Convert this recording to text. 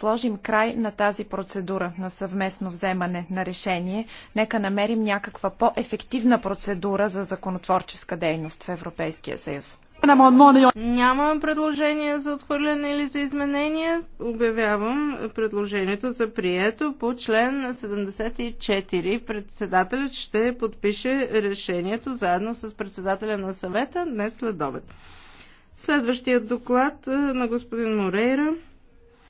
сложим край на тази процедура на съвместно вземане на решение. Нека намерим някаква по-ефективна процедура за законотворческа дейност в Европейския съюз. Нямам предложение за отхвърляне или за изменение. Обявявам предложението за прието по член 74. Председателят ще подпише решението заедно с председателя на съвета днес след обед. Следващият доклад е, на господин Морейра.